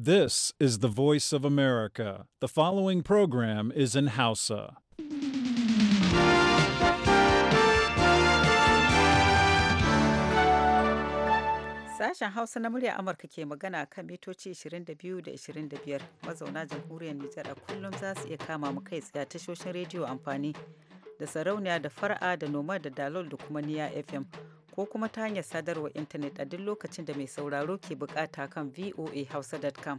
This is the voice of America. The following program is in Hausa. Sashen Hausa na murya Amurka ke magana kan mitoci 22 da 25 mazauna jamhuriyar Nijar a kullum za su iya kama mu kai tsaye tashoshin rediyo amfani da sarauniya da fara'a da noma da dalol da kuma niya FM. ko kuma ta hanyar sadarwar intanet a duk lokacin da mai sauraro ke bukata kan voahausa.com.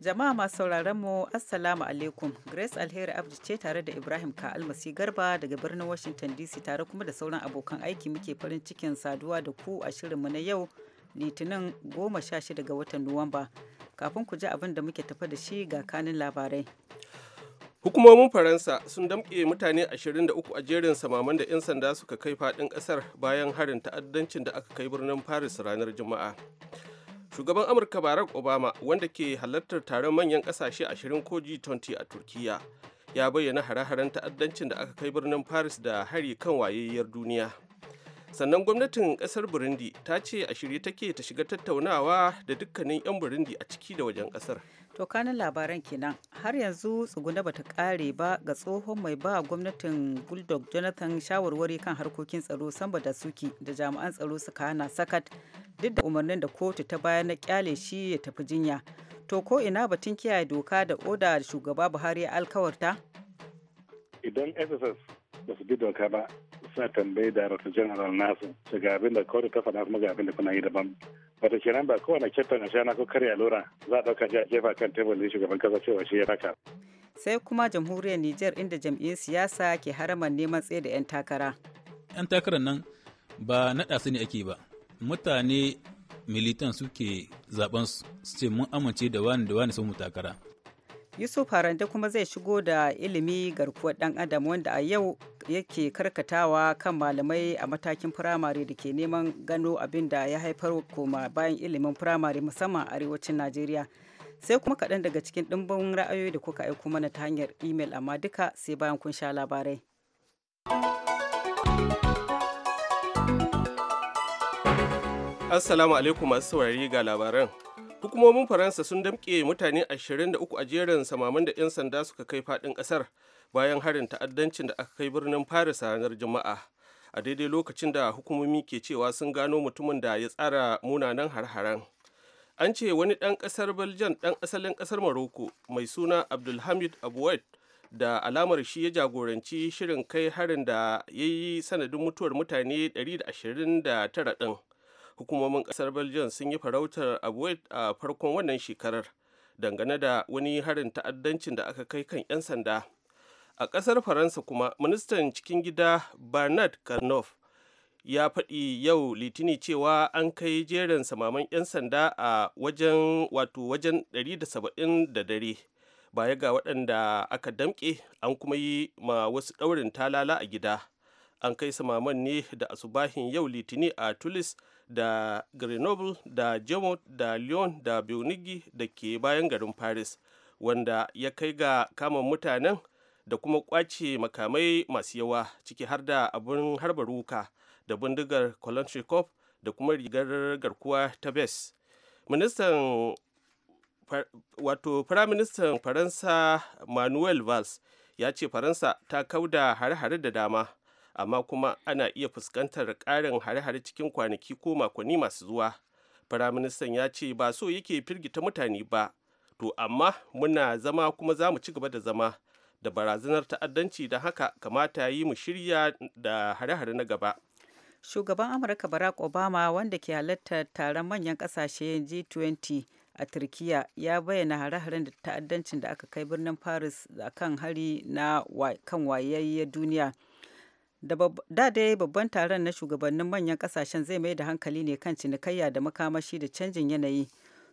Jama'a masu sauraron mu Assalamu alaikum. Grace Alheri abdu ce tare da Ibrahim Ka Almasi Garba daga birnin Washington DC tare kuma da sauran abokan aiki muke farin cikin saduwa da ku a shirinmu na yau Litinin goma sha 16 ga watan Nuwamba. Kafin ku ji abin da muke tafa da shi ga kanin labarai. hukumomin faransa sun damƙe mutane 23 a jerin samaman da 'yan sanda suka kai faɗin ƙasar bayan harin ta'addancin da aka kai birnin paris ranar juma'a shugaban amurka barack obama wanda ke halartar taron manyan ƙasashe 20 ko g20 a turkiya ya bayyana hare-haren ta'addancin da aka kai birnin paris da hari kan wayayyar duniya sannan gwamnatin ƙasar burundi ta ce a shirye take ta shiga tattaunawa da dukkanin 'yan burundi a ciki da wajen ƙasar To kanin labaran kenan har yanzu tsuguna bata kare ba ga tsohon mai ba gwamnatin guldog Jonathan shawarwari kan harkokin tsaro samba da suki da jami'an tsaro suka hana sakat duk da umarnin da kotu ta bayar na kyale shi ya tafi jinya. To ko ina batun kiyaye doka da oda da shugaba Buhari ya alkawarta? Idan SSS ba su bi doka ba suna tambayi da Director General nasu ga abin da kotu ta faɗa kuma ga abin da kuna yi daban wata kenan ba kowane kyaftin na shana ko karya lura za a ɗauka shi a jefa kan teburin shugaban kasa cewa shi ya raka. sai kuma jamhuriyar nijar inda jam'iyyar siyasa ke haraman neman tsaye da 'yan takara. 'yan takarar nan ba naɗa su ne ake ba mutane militan suke zaben su ce mun amince da wani da wani sun mu takara. Yusuf Harande kuma zai shigo da ilimi garkuwar ɗan adam wanda a yau yake karkatawa kan malamai a matakin firamare da ke neman gano abin da ya haifar koma bayan ilimin firamare musamman arewacin najeriya sai kuma kaɗan daga cikin ɗimbin ra'ayoyi da kuka aiko mana ta hanyar imel amma duka sai bayan kun sha labarai assalamu alaikum masu saurari ga labaran hukumomin faransa sun damƙe mutane ashirin 23 a jerin samaman da 'yan sanda suka kai faɗin ƙasar bayan harin ta'addancin da aka kai birnin Paris ranar Juma'a. A daidai lokacin da hukumomi ke cewa sun gano mutumin da ya tsara munanan har-haren. An ce wani ɗan ƙasar Belgium ɗan asalin ƙasar Morocco mai suna Abdulhamid Aboued da alamar shi ya jagoranci shirin kai harin da ya yi sanadin mutuwar mutane 129 ɗin. Hukumomin ƙasar Belgium sun yi farautar Aboued a farkon wannan shekarar dangane da wani harin ta'addancin da aka kai kan 'yan sanda. a ƙasar faransa kuma ministan cikin gida bernard karnoff ya faɗi yau litini cewa an kai jerin samaman 'yan sanda a wajen wato wajen 170 da dare baya ga waɗanda aka damƙe an kuma yi ma wasu ɗaurin talala a gida an kai samaman ne da asubahin yau litini a tulis da grenoble da jemot da lyon da beunigi da ke bayan garin paris wanda ya kai ga kamun mutanen da kuma kwace makamai masu yawa ciki har da abin harba ruka da bindigar kolonchikov da kuma rigar garkuwa ta bes ministan wato firaministan faransa manuel valls ya ce faransa ta kauda hare-hare da dama amma kuma ana iya fuskantar karin hare-hare cikin kwanaki ko makonni masu zuwa firaministan ya ce ba so yake firgita mutane ba to amma muna zama kuma za mu ci gaba da zama da barazanar ta'addanci da haka kamata yi mu shirya da hare-hare na gaba shugaban amurka barack obama wanda ke halartar taron manyan kasashe g20 a turkiya ya bayyana hare-haren da ta'addancin da aka kai birnin paris a kan hari na kan wayayyar duniya da dai babban taron na shugabannin manyan kasashen zai mai da hankali ne kan cinikayya da makamashi da canjin yanayi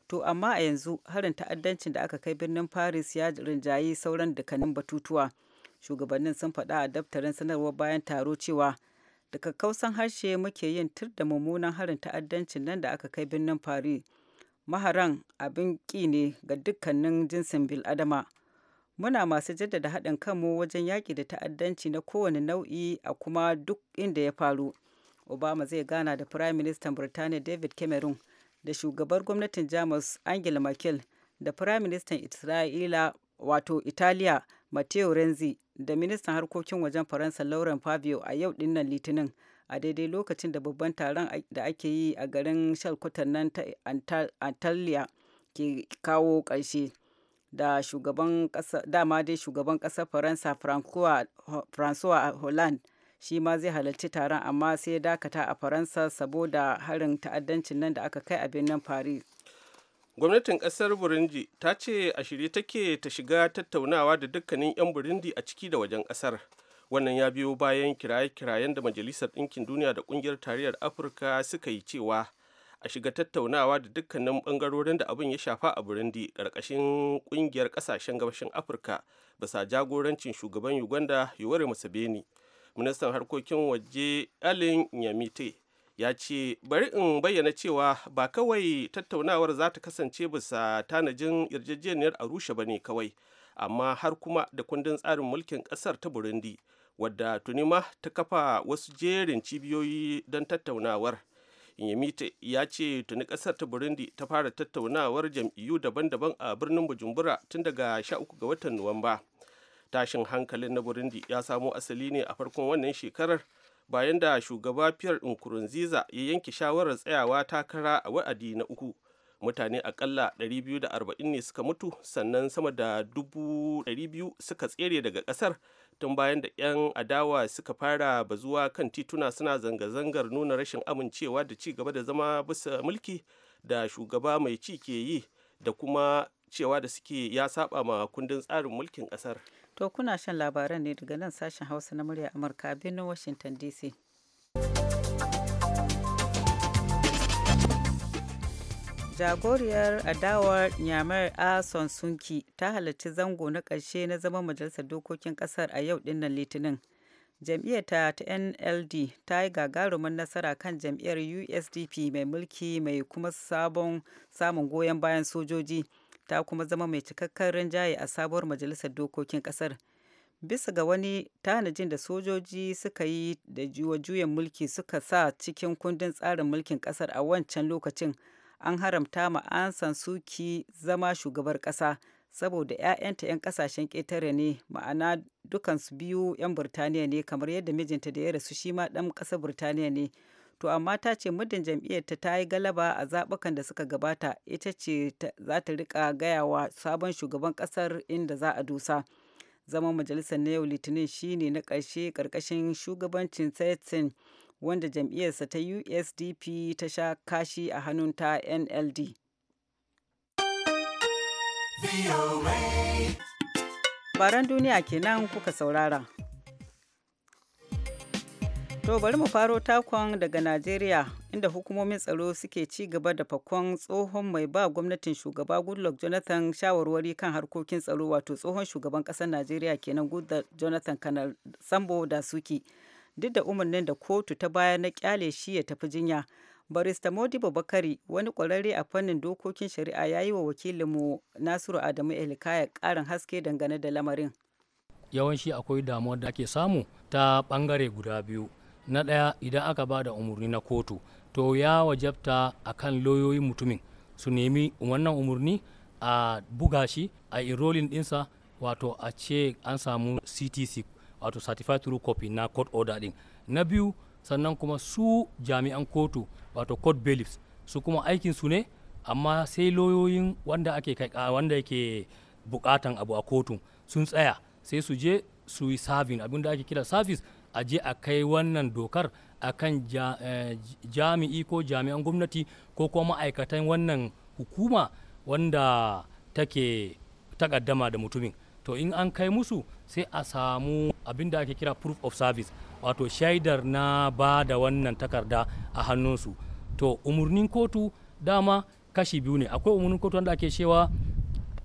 to amma a yanzu harin ta'addancin da aka kai birnin paris ya rinjayi sauran dukkanin batutuwa shugabannin sun faɗa a daftarin sanarwar bayan taro cewa da kakkausan harshe muke yin tur da mummunan harin ta'addancin nan da aka kai birnin paris maharan abin ƙi ne ga dukkanin jinsin adama muna masu jaddada haɗin kanmu wajen yaƙi da ta'addanci na kowane nau'i a kuma duk inda ya faru obama zai gana da firayim ministan birtaniya david cameron da shugabar gwamnatin jamus angela merkel da firaministan isra'ila wato italiya matteo renzi da ministan harkokin wajen faransa lauren fabio a yau dinnan litinin a daidai lokacin da babban taron da ake yi a garin shalkutan nan ta antalya ke kawo ƙarshe da shugaban dama dai shugaban ƙasar faransa francois hollande shi ma zai halarci taron amma sai ya dakata a faransa saboda harin ta'addancin nan da aka kai a birnin paris gwamnatin kasar burundi ta ce a shirye take ta shiga tattaunawa da dukkanin 'yan burundi a ciki da wajen kasar wannan ya biyo bayan kiraye-kirayen da majalisar ɗinkin duniya da ƙungiyar tarayyar afirka suka yi cewa a shiga tattaunawa da dukkanin ɓangarorin da abin ya shafa a burundi ƙarƙashin ƙungiyar ƙasashen gabashin afirka basa jagorancin shugaban uganda yuwar musabeni ministan harkokin waje alin yamite ya ce bari in bayyana cewa ba kawai tattaunawar za ta kasance bisa tanajin yarjejeniyar arusha ba ne kawai amma har kuma da kundin tsarin mulkin kasar ta burundi wadda tuni ma ta kafa wasu jerin cibiyoyi don tattaunawar yamite ya ce tuni kasar ta burundi ta fara tattaunawar jam'iyyu daban-daban a birnin bujumbura tun daga 13 ga watan nuwamba tashin hankalin na burundi ya samo asali ne a farkon wannan shekarar bayan da shugaba pierre nkurunziza ya yanke shawarar tsayawa takara a wa'adi na uku mutane akalla 240 ne suka mutu sannan sama da 200 suka tsere daga kasar tun bayan da 'yan adawa suka fara bazuwa kan tituna suna zanga-zangar nuna rashin amincewa da ci gaba da zama bisa mulki da shugaba mai ci ke yi da kuma cewa da suke ya saba ma kundin tsarin mulkin kasar To kuna shan labaran ne daga nan sashen Hausa na murya Amurka birnin Washington DC. Jagoriyar adawar Nyamar a Sunki ta halarci zango na ƙarshe na zaman majalisar dokokin ƙasar a yau dinnan Litinin. Jam'iyyata ta NLD ta yi gagarumin nasara kan jam'iyyar USDP mai mulki mai kuma sabon samun goyon bayan sojoji. ta kuma zama mai cikakken rinjaye a sabuwar majalisar dokokin kasar bisa ga wani tanajin da sojoji suka yi da juyen mulki suka sa cikin kundin tsarin mulkin kasar a wancan lokacin an haramta ma an san suki zama shugabar kasa saboda 'ya'yanta 'yan kasashen ƙetare ne ma'ana dukansu biyu 'yan birtaniya ne kamar yadda mijinta da ya rasu shi ma ɗan ƙasar birtaniya ne to amma ta ce muddin jam'iyyarta ta yi galaba a zaɓukan da suka gabata ita ce za ta rika gaya wa sabon shugaban ƙasar inda za a dusa zaman majalisar na yau litinin shine na ƙarshe ƙarƙashin shugabancin tsetsin wanda jam'iyyarsa ta usdp ta sha kashi a hannun ta nld baran duniya kenan kuka saurara To bari mu faro takon daga Najeriya inda hukumomin tsaro suke ci gaba da fakon tsohon mai ba gwamnatin shugaba Goodluck Jonathan shawarwari kan harkokin tsaro wato tsohon shugaban ƙasar Najeriya kenan Goodluck Jonathan Kanar Sambo da suki. Duk da umarnin da kotu ta baya na kyale shi ya tafi jinya. Barista Modibo Bakari wani kwararre a fannin dokokin shari'a ya yi wa wakilinmu Nasiru Adamu Elikaya karin haske dangane da lamarin. Yawanci akwai damuwar da ake samu ta ɓangare guda biyu. na ɗaya idan aka ba da umarni na kotu to ya wajabta a kan lauyoyin mutumin su nemi wannan umarni a buga shi a irolin ɗinsa wato a ce an samu ctc wato certified through copy na court order ɗin na biyu sannan kuma su jami'an kotu wato court bailiffs su kuma aikin su ne amma sai lauyoyin wanda ake wanda yake bukatan abu a kotu sun tsaya sai su je su yi serving abin da ake kira service a je a kai wannan dokar a kan eh, jami'i ko jami'an gwamnati ko kuma ma'aikatan wannan hukuma wanda take takaddama da mutumin to in an kai musu sai a samu abin da ake kira proof of service wato shaidar na ba da wannan takarda a hannunsu to umarnin kotu dama kashi biyu ne akwai umarnin kotu wanda ake cewa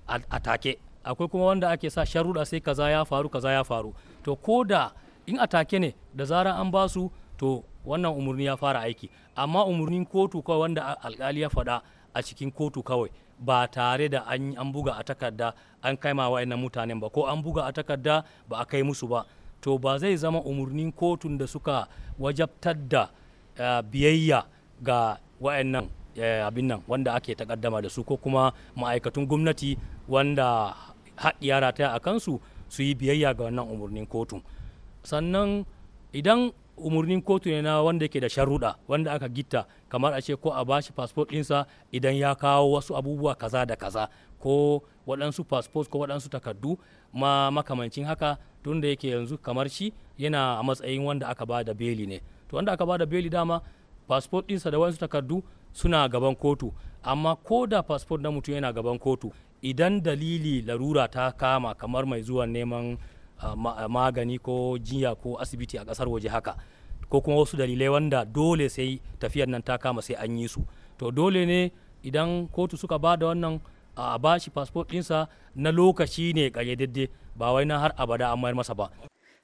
a take akwai kuma wanda ake sa sharuɗa sai kaza ya faru kaza ya faru to ko da in a take ne da zaran an ba su to wannan umarni ya fara aiki amma umarnin kotu kawai wanda alkali ya faɗa a cikin kotu kawai ba tare da an buga a takarda an kai ma wa'annan mutanen ba ko an buga a takarda ba a kai musu ba to ba zai zama umarnin kotun da suka wajabtar da eh, biyayya ga wa'annan eh, abin nan wanda ake takaddama da su ko kuma ma'aikatun gwamnati wanda haɗiya rataya a kansu su yi biyayya ga wannan umarnin kotun sannan idan umarnin kotu ne na wanda yake da sharuɗa wanda aka gitta kamar a ce ko a bashi fasfot dinsa idan ya kawo wasu abubuwa kaza da kaza ko waɗansu fasfot ko waɗansu takardu ma makamancin haka tun da yake yanzu kamar shi yana a matsayin wanda aka ba da beli ne to wanda aka ba da beli dama fasfot ɗinsa da wasu takardu suna gaban kotu amma ko da fasfot na mutum yana gaban kotu idan dalili larura ta kama kamar mai zuwa neman magani ko jinya ko asibiti a kasar waje haka ko kuma wasu dalilai wanda dole sai tafiyar nan ta kama sai an yi su to dole ne idan kotu suka ba da wannan a bashi fasfot dinsa na lokaci ne ƙayyadadde ba wai na har abada an mayar masa ba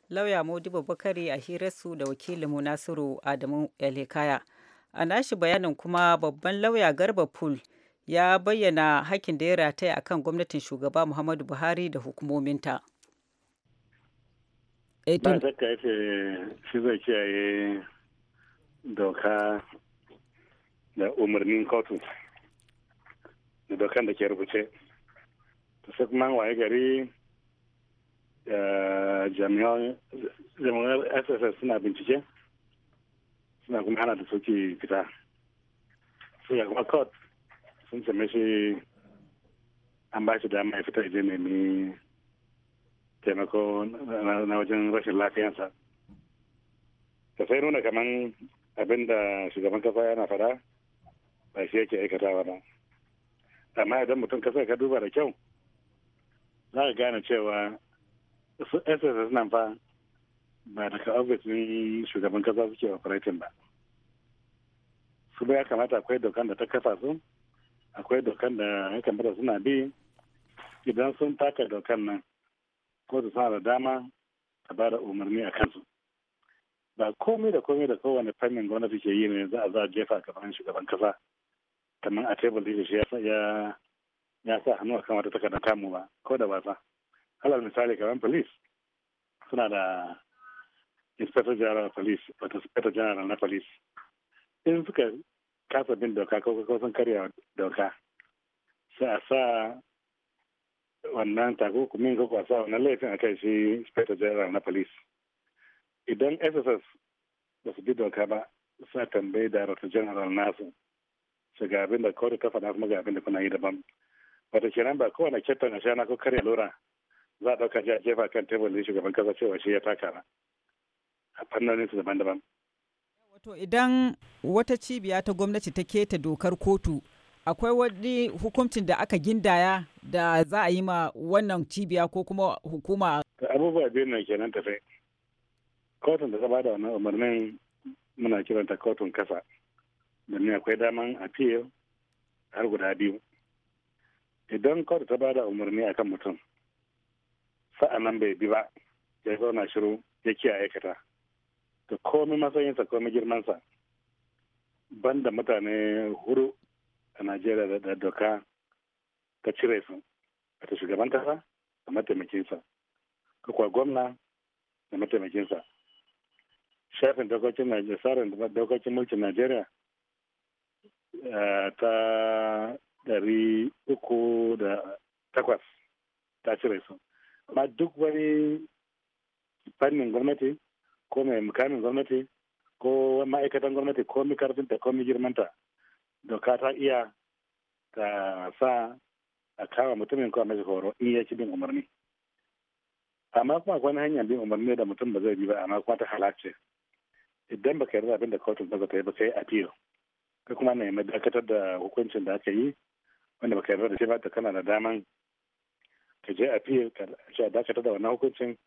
lauya modibo bakari a hirarsu da wakilinmu nasiru adamu elekaya a nashi bayanin kuma babban lauya garba pool ya bayyana hakkin da ya rataya akan gwamnatin shugaba muhammadu buhari da hukumominta Eh, ba zaka yace shi kiyaye doka da umarnin kotu da dokan da ke rubuce to sai kuma waye gari eh, jami'an sss suna bincike suna kuma hana da soke fita sai ya kuma court sun same shi an ba shi dama ya fita ya je nemi taimako na wajen rashin lafiyansa ta sai nuna kaman abin da shugaban kasa yana fada ba shi yake aikatawa ba amma idan mutum kasa ka duba da kyau za ka gane cewa sss nan fa ba daga ofisin shugaban kasa suke operating ba su ya kamata akwai dokan da ta kafa su akwai dokan da ya kamata suna bi idan sun taka dokan nan Ko su sa da dama a ba da umarni a kansu ba komai da komai da kowane fannin gwamnati ke yi ne za a za a jefa a gaban shugaban kasa kamar a tebul da shi ya sa hannu a kamata takarda tamu ba ko da wasa Halar misali kamar police suna da inspector general police wato inspector general na police in suka kasa bin doka ko sun karya doka sai a sa wannan kumin ga kwasa wannan laifin a kai shi inspector general na police idan sss ba su bi doka ba sa tambayi director general nasu su ga abin da kawai ta faɗa kuma ga abin da kuna yi daban wata kenan ba kowane kyaftin a shana ko karya lura za a ɗauka shi a jefa kan teburin shugaban kasa cewa shi ya taka ba a fannonin su daban-daban. wato idan wata cibiya ta gwamnati ta keta dokar kotu akwai wani hukuncin da aka gindaya da za a yi ma wannan cibiya ko kuma hukuma abubuwa biyu na kenan tafe kotun da ta ba da wannan umarnin muna kiranta kotun kasa domin akwai daman appeal har guda biyu idan kotu ta bada umarni akan mutum sa'annan bai bi ba ya zauna shiru ya kiyaye aikata to komai matsayinsa komi girmansa banda mutane huru ta najeriya da doka ta cire su ta shugaban kasa da mataimakinsa ka kwa gwamna da mataimakinsa shafin dokokin najeriya tsarin dokokin mulkin najeriya eh, ta dari uku da takwas ta cire su amma duk wani fannin gwamnati ko mai mukamin gwamnati ko ma'aikatan gwamnati ko mi karfinta ko mi girmanta doka ta iya ta sa a kama mutumin ko a horo in ya ci bin umarni amma kuma akwai hanyar bin umarni da mutum ba zai bi ba amma kuma ta halarci idan baka yarda abin da kotun ba ta yi ba kai appeal ka kuma na yi dakatar da hukuncin da aka yi wanda baka yarda da shi ba ta kana da daman ka je appeal ka a dakatar da wannan hukuncin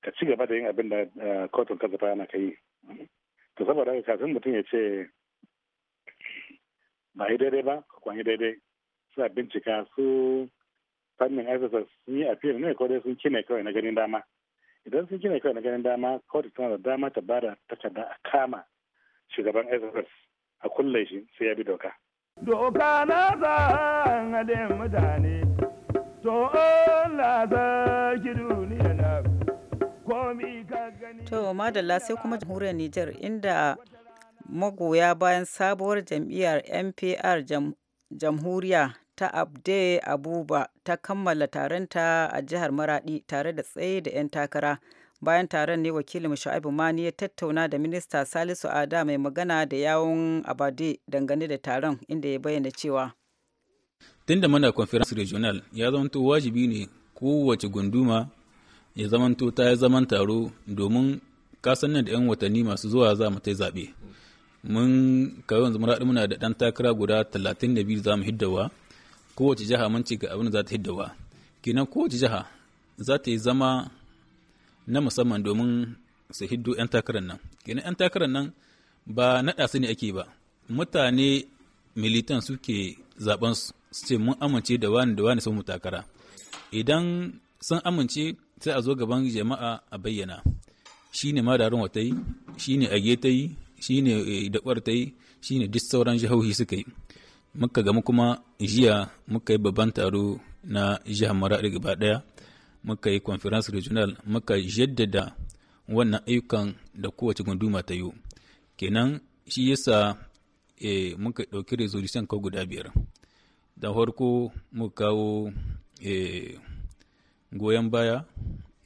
ka ci gaba da yin abin da eh, kotun ka zafa yana ka yi to saboda haka kafin mutum ya ce ba a yi daidai ba ko yi daidai suna bincika su fannin SSS sun yi afiyar ne ko dai sun kine kawai na ganin dama idan sun kine kawai na ganin dama kawai tana da dama ta bada takarda a kama shugaban SSS a kulle shi sai ya bi doka. Doka na zan haɗin mutane, to Allah ki duniya na komi ka gani. To, madalla sai kuma jamhuriyar Nijar inda magoya bayan sabuwar jam'iyyar npr jamhuriya ta abde abuba ta kammala taronta a jihar maradi tare da tsaye da 'yan takara bayan taron ne wakilin shu'aibu mani ya tattauna da minista salisu ada mai magana da yawon abade dangane da taron inda ya bayyana cewa tun da mana conference regional ya zamanto wajibi ne kowace gunduma ya zamanto ta ya zaman taro domin kasan da 'yan watanni masu zuwa za mu ta zaɓe mun kawai yanzu mun muna da ɗan takara guda 32 za mu hiddawa kowace jiha mun ce ga abin za ta hiddawa kenan kowace jiha za ta yi zama na musamman domin su hiddo 'yan takarar nan kenan 'yan takarar nan ba naɗa su ne ake ba mutane militan suke zaben su ce mun amince da wani da wani sun mu takara idan sun amince sai a zo gaban jama'a a bayyana shi ne madarin wata yi shi ne a ta yi shine eh, da kwar ta yi shine duk sauran jihohi suka yi muka gamu kuma jiya muka yi babban taro na jihar maradi gaba daya muka yi conference regional muka jaddada wannan ayyukan da kowace gunduma ta yi kenan shi yasa e, eh, muka ɗauki resolution ka guda biyar da farko muka kawo e, goyon baya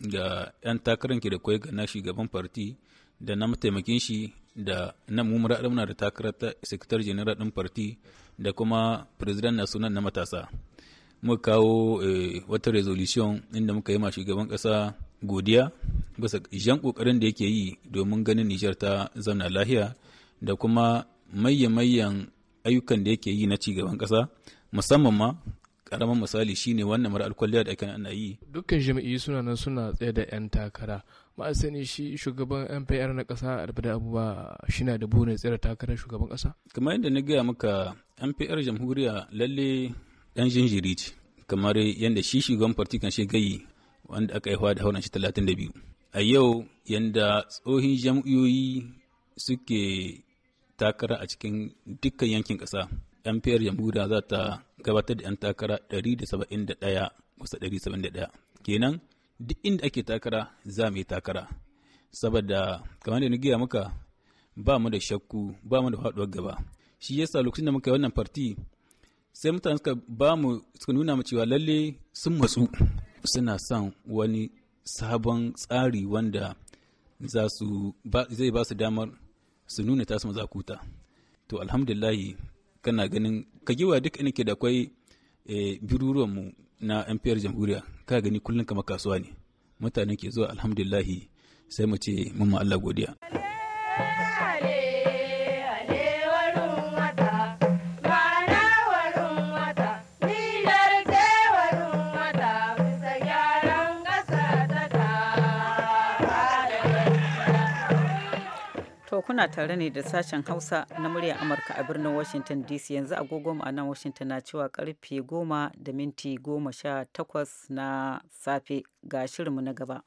ga 'yan takarar da kwai ga na shugaban farti da na mataimakin shi da nan mu muna da takarar ta sekretar general din parti da kuma president sunan na matasa muka kawo eh, wata resolution inda muka yi ma shugaban kasa godiya bisa jan kokarin da yake yi domin ganin Nijar ta zauna lahiya da kuma mayyan ayyukan da yake yi na cigaban kasa musamman ma karamin misali shine wannan mara alkwaliya da ake ana yi dukkan jami'i suna nan suna tsaye da yan takara ma sani shi shugaban NPR na kasa Arbada shi na da burin tsere takarar shugaban kasa kamar yadda na gaya maka NPR jamhuriya lalle dan jinjiri ce kamar yadda shi shugaban farti kan shi gayi wanda aka haifa da hauran shi 32 a yau yadda tsohin jam'iyoyi suke takara a cikin dukkan yankin kasa fiyar jamhuriya za ta gabatar da 'yan takara 171 kusa 171 kenan duk inda ake takara za mu yi takara saboda kamar da na gaya muka ba mu da shakku ba mu da faɗuwar gaba shi yasa lokacin da muka yi wannan farti sai mutane suka ba mu suka nuna mu cewa lalle sun matsu suna son wani sabon tsari wanda za su zai ba su damar su nuna tasu mazakuta to alhamdulillahi kana ganin ka giwa duk inda ke da akwai eh, biruruwan mu na NPR jamhuriya ka gani kullum kamar kasuwa ne mutanen ke zuwa alhamdulillahi sai mu ce mun Allah godiya. kuna tare ne da sashen Hausa na muryar Amurka a birnin Washington DC yanzu agogo a nan Washington na cewa karfe goma da minti goma na safe ga shirinmu na gaba.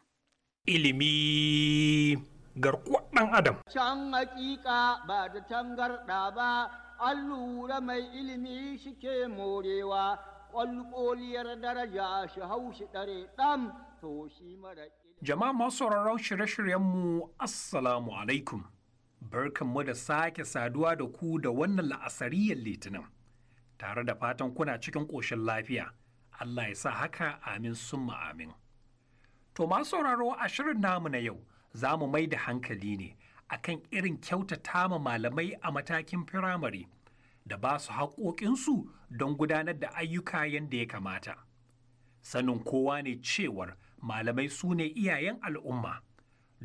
Ilimi garkuwar dan Adam. Can hakika ba da tangarɗa ba, allura mai ilimi shike morewa, ƙwalƙoliyar daraja shi haushi ɗare dam to shi mara Jama'a masu sauraron shirye-shiryenmu, Assalamu alaikum. mu da sake saduwa da ku da wannan la'asariyar litinin, tare da fatan kuna cikin ƙoshin lafiya, Allah ya sa haka amin summa amin. To masu sauraro a shirin namu na yau za mu mai da hankali ne akan irin kyautata ma malamai a matakin firamare da ba su haƙoƙinsu don gudanar da ayyuka yadda ya kamata. Sanin kowa ne cewar malamai su ne iyayen al'umma.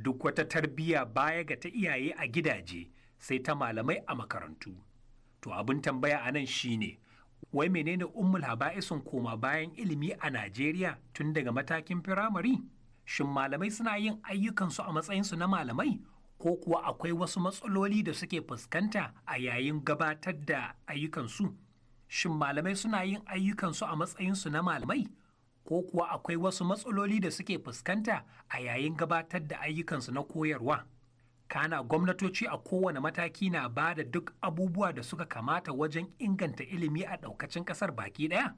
duk wata tarbiyya baya ga ta iyaye a gidaje sai ta malamai a makarantu to abin tambaya a nan shi ne, wai menene ummul haba'isun koma bayan ilimi a najeriya tun daga matakin firamare shin malamai suna yin ayyukansu a matsayinsu na malamai ko kuwa akwai wasu matsaloli da suke fuskanta a yayin gabatar da ayyukansu shin malamai suna yin ayyukansu a matsayinsu na malamai ko kuwa akwai wasu matsaloli da suke fuskanta a yayin gabatar da ayyukansu na koyarwa. Kana gwamnatoci a kowane mataki na ba da duk abubuwa da suka kamata wajen inganta ilimi a ɗaukacin ƙasar baki ɗaya?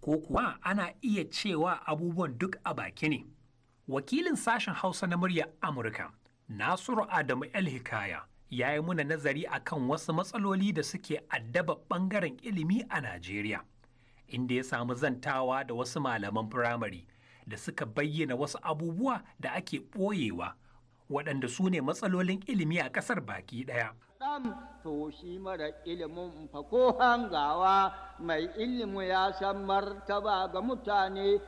Ko kuwa ana iya cewa abubuwan duk a baki ne? Wakilin sashen Hausa na murya Amurka, Nasiru Adamu El Hikaya, ya yi muna nazari akan wasu matsaloli da suke addaba ɓangaren ilimi a Najeriya. inda ya samu zantawa da wasu malaman firamare da suka bayyana wasu abubuwa da ake ɓoyewa waɗanda su ne matsalolin ilimi a ƙasar baki ɗaya. Ɗan to shi mara ilimin fa ko hangawa mai ilimi ya san martaba ga mutane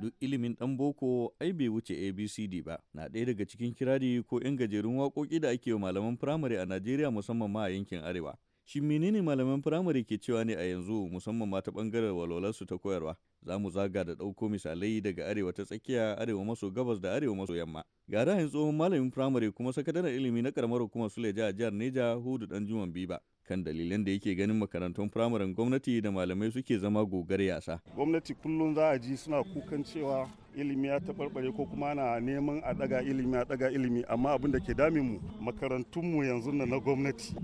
duk ilimin ɗan boko ai bai wuce abcd ba na ɗaya daga cikin kirari ko 'yan gajerun waƙoƙi da ake wa malaman firamare a najeriya musamman ma a yankin arewa Shin menene malaman firamare ke cewa ne a yanzu musamman mata ta bangaren walwalarsu ta koyarwa? Za mu zaga da ɗauko misalai daga arewa ta tsakiya, arewa maso gabas da arewa maso yamma. Ga rahin tsohon malamin firamare kuma sakataren ilimi na karamar hukumar Suleja a jihar Neja Hudu Danjuman Biba. kan dalilan da yake ganin makarantun firamaren gwamnati da malamai suke zama gogar yasa. Gwamnati kullum za a ji suna kukan cewa ilimi ya taɓarɓare ko kuma na neman a ɗaga ilimi a ɗaga ilimi amma abin da ke damin mu makarantunmu yanzu na gwamnati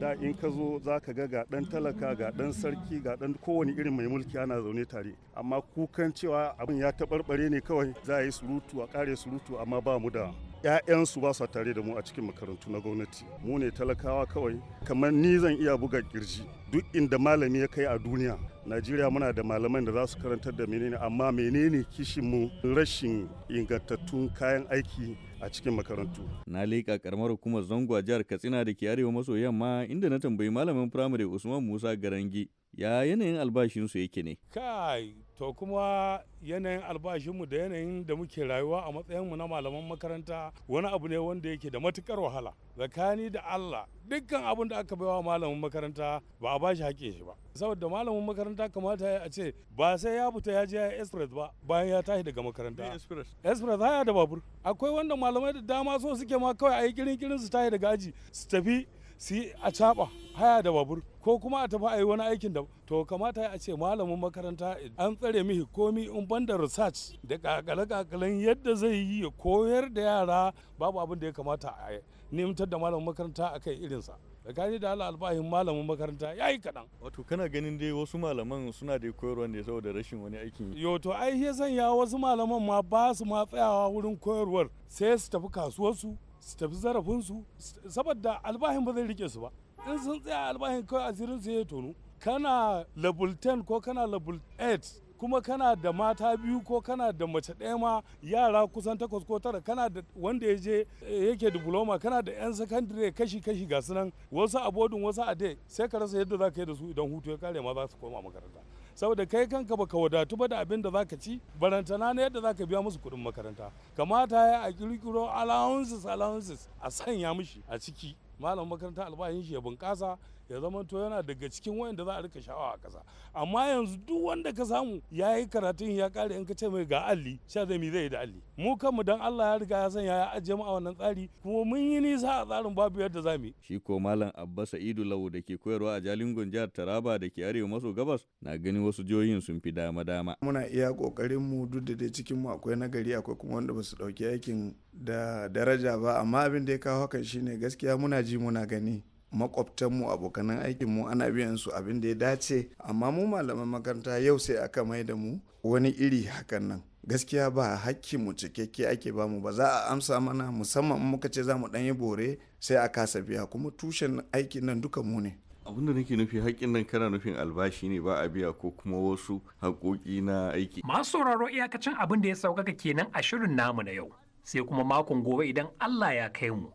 da in ka zo za ka ga gaɗan talaka gaɗan sarki ga kowane irin mai mulki ana zaune tare amma kukan cewa abin ya taɓarɓare ne kawai za a yi surutu a ƙare surutu amma ba mu da ‘ya'yansu ba su tare da mu a cikin makarantu na gwamnati mu ne talakawa kawai kamar ni zan iya buga kirji duk inda malami ya kai a duniya najeriya muna da malaman da za su karantar da menene amma menene kishin mu rashin ingantattun kayan aiki a cikin makarantu. Na leƙa karamar hukumar zango a jihar Katsina da ke arewa maso yamma inda na tambayi malamin firamare Usman Musa Garangi ya yanayin albashinsu yake ne kai to kuma yanayin albashinmu da yanayin da muke rayuwa a matsayinmu na malaman makaranta wani abu ne wanda yake da matukar wahala zakani da allah dukkan abin da aka baiwa malamin makaranta ba a bashi haƙe shi ba saboda malamin makaranta kamata ya ce ba sai ya fita ya je ya express ba bayan ya tashi daga makaranta express haya da babur akwai wanda malamai da dama so suke ma kawai a yi kirin kirin su tashi daga aji su tafi su a caba haya da babur ko kuma a tafi a yi wani aikin da to kamata a ce malamin makaranta an tsare mihi komi in banda research da kakale-kakalen yadda zai yi ya koyar da yara babu abin da ya kamata a nemtar da malamin makaranta a kai irinsa tsakani da ala albahin malamin makaranta ya yi kaɗan. wato kana ganin dai wasu malaman suna da koyarwa ne saboda rashin wani aikin yi. yo to ai ya sanya wasu malaman ma ba su ma tsayawa wurin koyarwar sai su tafi kasuwarsu su tafi zarafinsu saboda albahin ba zai rike su ba in sun tsaya albahin kawai asirin su ya yi tonu kana level 10 ko kana level 8 kuma kana da mata biyu ko kana da mace ɗaya ma yara kusan takwas ko tara kana da wanda ya je eh, yake diploma kana da 'yan sakandare kashi kashi ga sunan wasu a bodin wasu a dai sai ka rasa yadda za ka yi da su idan hutu ya kare ma za su koma makaranta saboda kai kanka baka wadatu ba da abin da zaka ci barantana ne yadda zaka biya musu kuɗin makaranta kamata ya a kirkiro allowances allowances a sanya mishi a ciki malam makaranta albashin shi ya bunƙasa ya zamanto yana daga cikin wayanda za a rika sha'awa a ƙasa amma yanzu duk wanda ka samu ya yi karatun ya ƙare in ka ce mai ga alli sha zai mi zai da alli mu kanmu dan Allah ya riga ya san ya ajiye mu a wannan tsari kuma mun yi nisa a tsarin babu yadda za mu shi ko malam Abba Sa'idu Lawo da ke koyarwa a Jalingon jihar Taraba da ke arewa maso gabas na gani wasu jihohin sun fi dama dama muna iya kokarin mu duk da dai cikin mu akwai nagari akwai kuma wanda basu su dauki aikin da daraja ba amma abin da ya kawo hakan shine gaskiya muna ji muna gani makwabtan makwabtanmu abokanan aikinmu ana biyan su abin da ya dace amma mu malaman makaranta yau sai aka mai da mu wani iri hakan nan gaskiya ba hakki mu cikakke ake ba mu ba za a amsa mana musamman in muka ce za mu yi bore sai a kasa biya kuma tushen aikin nan duka mu ne abinda nake nufi haƙƙin nan kana nufin albashi ne ba a biya ko kuma wasu haƙoƙi na aiki masu sauraro iyakacin abin da ya sauƙaƙa kenan a shirin namu na yau sai kuma makon gobe idan Allah ya kai mu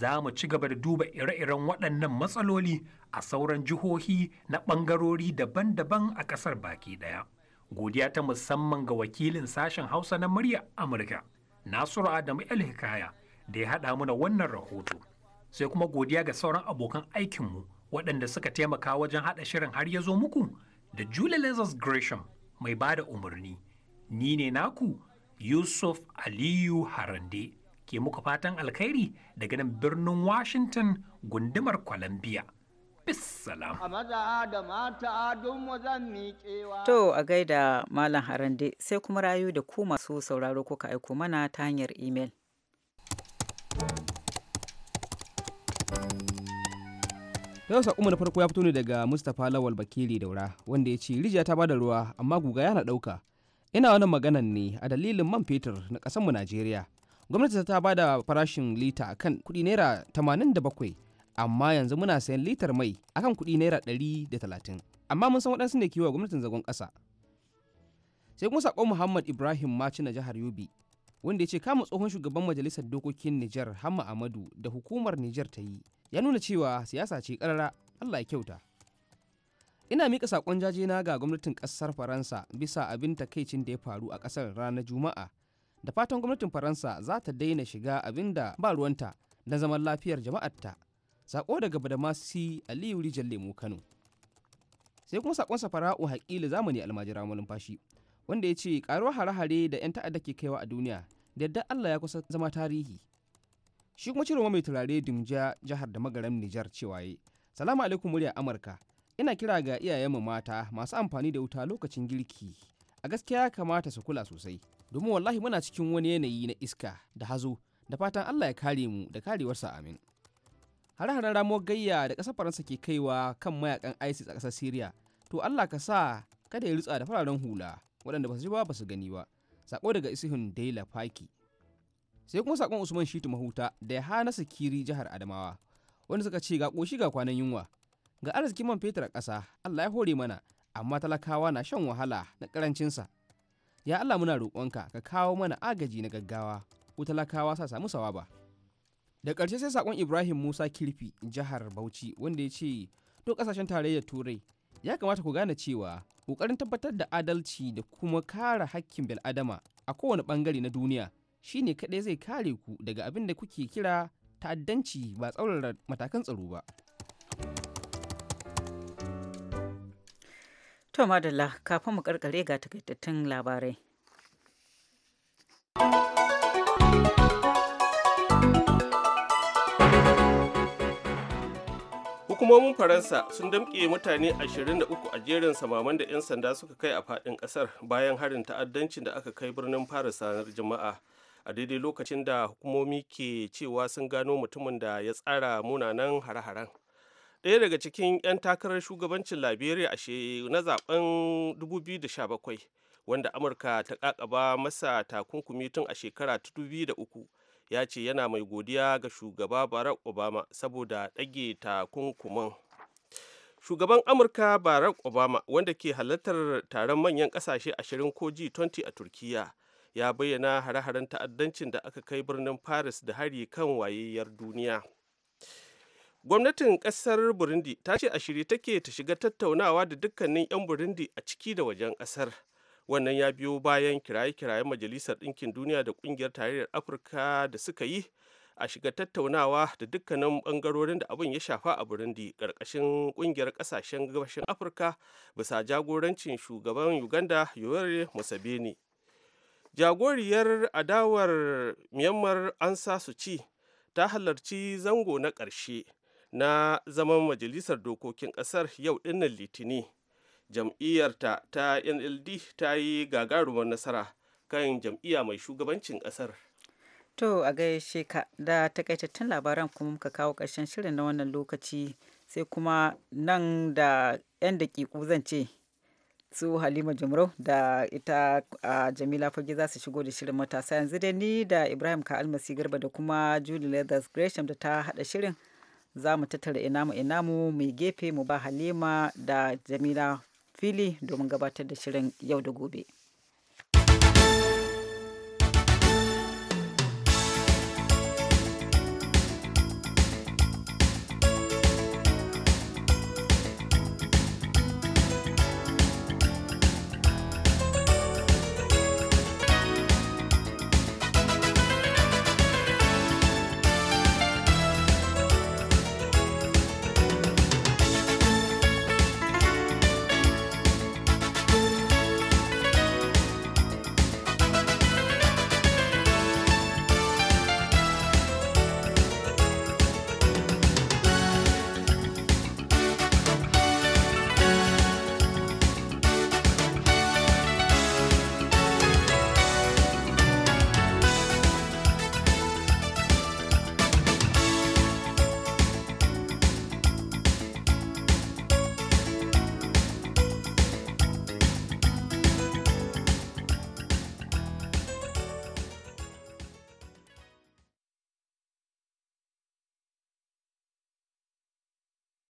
za mu ci gaba da duba ire-iren waɗannan matsaloli a sauran jihohi na ɓangarori daban-daban a ƙasar baki ɗaya. Godiya ta musamman ga wakilin sashen Hausa na murya Amurka, Nasiru Adamu El Hikaya, da ya haɗa mana wannan rahoto. Sai kuma godiya ga sauran abokan aikinmu waɗanda suka taimaka wajen haɗa shirin har ya zo muku da Julie Lazarus Gresham mai ba da umarni. Ni ne naku Yusuf Aliyu Harande. ke muka fatan alkhairi da nan birnin Washington gundumar Columbia. Bissalam. To a gaida Malam Harande sai kuma rayu da ku masu sauraro kuka aiko mana ta hanyar imel. Yau kuma na farko ya fito ne daga Mustapha Lawal Bakili Daura wanda ya ce rijiya ta bada ruwa amma guga yana dauka Ina wani maganan ne a dalilin man fetur na ƙasarmu Najeriya. gwamnati ta ba da farashin lita kan kuɗi naira 87 amma yanzu muna sayan litar mai akan kuɗi naira 130 amma mun san waɗansu ne kiwo gwamnatin zagon ƙasa sai kuma saƙon muhammad ibrahim maci na jihar yobe wanda ya ce kama tsohon shugaban majalisar dokokin nijar hamma amadu da hukumar nijar ta yi ya nuna cewa siyasa ce karara allah ya kyauta ina mika saƙon jajena ga gwamnatin ƙasar faransa bisa abin takaicin da ya faru a ƙasar ranar juma'a da fatan gwamnatin faransa za ta daina shiga abin da ba ruwanta na zaman lafiyar jama'arta sako daga badamasi aliyu rijal lemo kano sai kuma sakon safara'u haƙila zamani almajira malumfashi wanda ya ce karuwar hare-hare da 'yan ta'adda ke kaiwa a duniya da yadda allah ya kusa zama tarihi shi kuma ciroma mai turare dumja jihar da magaram nijar cewa yi salamu alaikum murya amurka ina kira ga iyayenmu mata masu amfani da wuta lokacin girki a gaskiya kamata su kula sosai domin wallahi muna cikin wani yanayi na iska da hazo da fatan Allah ya kare mu da karewarsa amin hare-haren ramuwar gayya da ƙasar faransa ke kaiwa kan mayakan isis a ƙasar syria to Allah ka sa kada ya rutsa da fararen hula waɗanda ba su ji ba ba su gani ba sako daga isihun daila faki sai kuma sakon usman shitu mahuta da ya hana sikiri jihar adamawa wanda suka ce ga ƙoshi ga kwanan yunwa ga arzikin man fetur a ƙasa allah ya hore mana amma talakawa na shan wahala na ƙarancinsa ya Allah muna roƙonka ka kawo mana agaji na gaggawa ko talakawa sa samu sawaba da ƙarshe sai saƙon ibrahim musa kirfi jihar bauchi wanda ya ce duk ƙasashen tarayyar turai ya kamata ku gane cewa ƙoƙarin tabbatar da adalci da kuma kare hakkin bil'adama a kowane ɓangare na duniya shine kaɗai zai kare ku daga abin da kuke kira ta'addanci ba tsaurara matakan tsaro ba To madalla kafin mu karkare ga takaitattun labarai. Hukumomin Faransa sun damƙe mutane 23 a jerin samaman da 'yan sanda suka kai a faɗin ƙasar bayan harin ta'addancin da aka kai birnin Paris ranar jama'a A daidai lokacin da hukumomi ke cewa sun gano mutumin da ya tsara munanan hare-haren. ɗaya daga cikin 'yan takarar shugabancin liberia a na zaben 2017 wanda amurka ta kakaba masa takunkumi tun a shekara ta 2003 ya ce yana mai godiya ga shugaba barack obama saboda ɗage takunkuman shugaban amurka barack obama wanda ke halartar taron manyan ƙasashe 20 ko g20 a turkiya ya bayyana hare-haren ta'addancin da aka kai birnin paris da hari kan wayayyar duniya gwamnatin kasar burundi ta ce a shirye take ta shiga tattaunawa da dukkanin 'yan burundi a ciki da wajen kasar wannan ya biyo bayan kiraye-kirayen majalisar ɗinkin duniya da ƙungiyar tarayyar afirka da suka yi a shiga tattaunawa da dukkanin ɓangarorin da abin ya shafa a burundi ƙarƙashin ƙungiyar ƙasashen gabashin afirka bisa jagorancin shugaban uganda yoweri museveni jagoriyar adawar myanmar ansa su ci ta halarci zango na ƙarshe na zaman majalisar dokokin ƙasar yau dinnan litini jam'iyyarta ta nld ta yi gagarumar nasara kan jam'iyya mai shugabancin ƙasar to a gaishe ka da takaitattun labaran kuma muka kawo ƙarshen shirin na wannan lokaci sai kuma nan da 'yan daƙiƙu zan ce su halima jumro da ita a jamila fage za su shigo da shirin matasa yanzu dai ni da ibrahim ka almasi garba da kuma julie leathers gresham da ta hada shirin za mu tattara inamu-inamu ina mai gefe mu ba halima da jamila fili domin gabatar da shirin yau da gobe.